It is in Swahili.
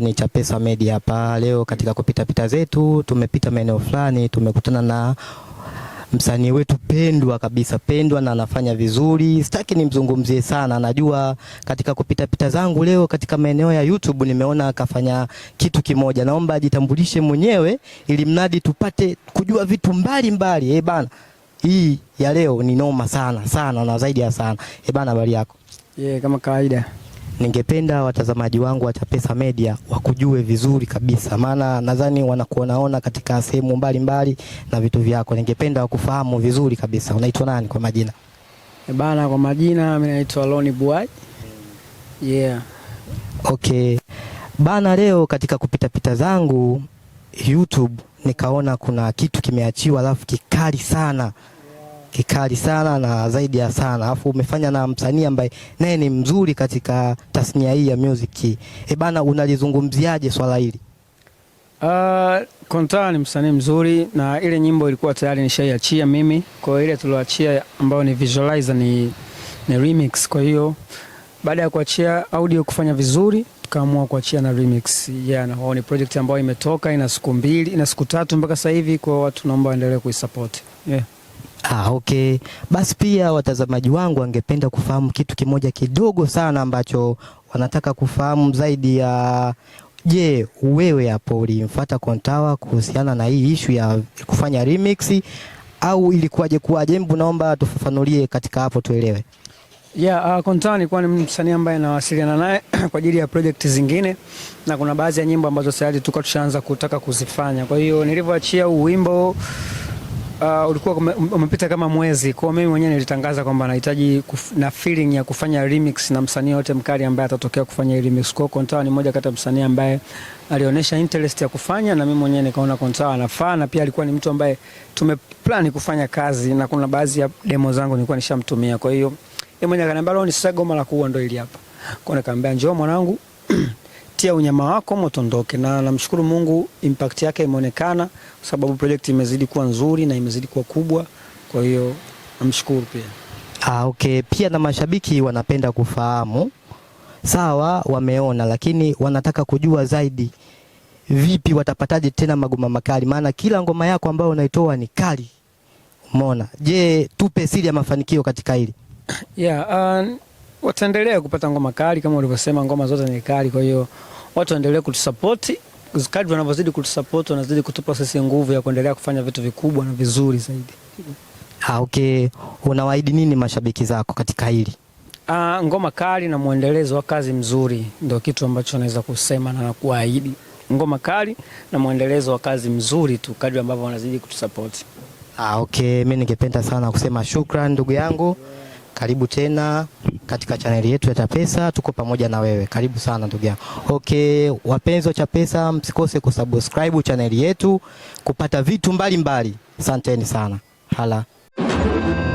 leo ni Chapesa Media hapa. Leo katika kupitapita zetu tumepita maeneo fulani, tumekutana na msanii wetu pendwa kabisa, pendwa na anafanya vizuri. Sitaki nimzungumzie sana, najua katika kupita pita zangu leo katika maeneo ya YouTube nimeona akafanya kitu kimoja. Naomba ajitambulishe mwenyewe, ili mradi tupate kujua vitu mbalimbali. Eh bana, hii ya leo ni noma sana sana na zaidi ya sana. Eh bana, habari yako? Yeah, kama kawaida ningependa watazamaji wangu wa Chapesa Media wakujue vizuri kabisa, maana nadhani wanakuonaona katika sehemu mbalimbali na vitu vyako, ningependa wakufahamu vizuri kabisa. Unaitwa nani kwa majina? E bana, kwa majina mimi naitwa Loni Buai. Yeah. Okay. Bana, leo katika kupitapita zangu YouTube nikaona kuna kitu kimeachiwa alafu kikali sana kikali sana na zaidi ya sana, alafu umefanya na msanii ambaye naye ni mzuri katika tasnia hii ya music. E bana, unalizungumziaje swala hili? Uh, ah, Konta ni msanii mzuri na ile nyimbo ilikuwa tayari nishaiachia mimi, kwa hiyo ile tulioachia ambayo ni visualizer ni, ni remix. Kwa hiyo baada ya kuachia audio kufanya vizuri tukaamua kuachia na remix yeah, na ni project ambayo imetoka ina siku mbili ina siku tatu mpaka sasa hivi, kwa watu naomba waendelee kuisupport yeah. Ah, okay. Basi pia watazamaji wangu wangependa kufahamu kitu kimoja kidogo sana ambacho wanataka kufahamu zaidi ya je, wewe hapo ulimfuata Kontawa kuhusiana na hii ishu ya kufanya remix au ilikuwaje kuwaje? Mbu, naomba tufafanulie katika hapo tuelewe. Yeah, uh, Kontawa kwa ni msanii ambaye nawasiliana naye kwa ajili ya project zingine na kuna baadhi ya nyimbo ambazo tayari tulikuwa tushaanza kutaka kuzifanya. Kwa hiyo nilivyoachia huu wimbo uh, ulikuwa um, umepita kama mwezi, kwa mimi mwenyewe nilitangaza kwamba nahitaji na feeling ya kufanya remix na msanii yote mkali ambaye atatokea kufanya remix. Kwa Kontawa ni mmoja kati ya msanii ambaye alionyesha interest ya kufanya, na mimi mwenyewe nikaona Kontawa anafaa, na pia alikuwa ni mtu ambaye tumeplani kufanya kazi, na kuna baadhi ya demo zangu nilikuwa nishamtumia. Kwa hiyo yeye mwenyewe akaniambia, leo ni sasa goma la kuua ndio ili hapa, kwa nikamwambia njoo mwanangu tia unyama wako motondoke, na namshukuru Mungu impact yake imeonekana, kwa sababu project imezidi kuwa nzuri na imezidi kuwa kubwa. Kwa hiyo namshukuru pia. Ah, okay. Pia na mashabiki wanapenda kufahamu, sawa, wameona, lakini wanataka kujua zaidi, vipi watapataje tena magoma makali? Maana kila ngoma yako ambayo unaitoa ni kali, umeona. Je, tupe siri ya mafanikio katika hili? Yeah, uh, wataendelea kupata ngoma kali kama ulivyosema, ngoma zote ni kali. Kwa hiyo watu waendelee kutusupport, kadri wanavyozidi kutusupport wanazidi kutupa sisi nguvu ya kuendelea kufanya vitu vikubwa na vizuri zaidi. Ha, ah, okay. Unawaahidi nini mashabiki zako katika hili? Ah, ngoma kali na mwendelezo wa kazi mzuri ndio kitu ambacho naweza kusema na kuahidi. Ngoma kali na mwendelezo wa kazi mzuri tu kadri ambavyo wanazidi kutusupport. Ah, okay. Mimi ningependa sana kusema shukrani ndugu yangu. Karibu tena katika chaneli yetu ya Chapesa, tuko pamoja na wewe. Karibu sana ndugu yangu. Okay, wapenzi wa Chapesa, msikose kusubscribe chaneli yetu kupata vitu mbalimbali. Asanteni mbali sana. Hala.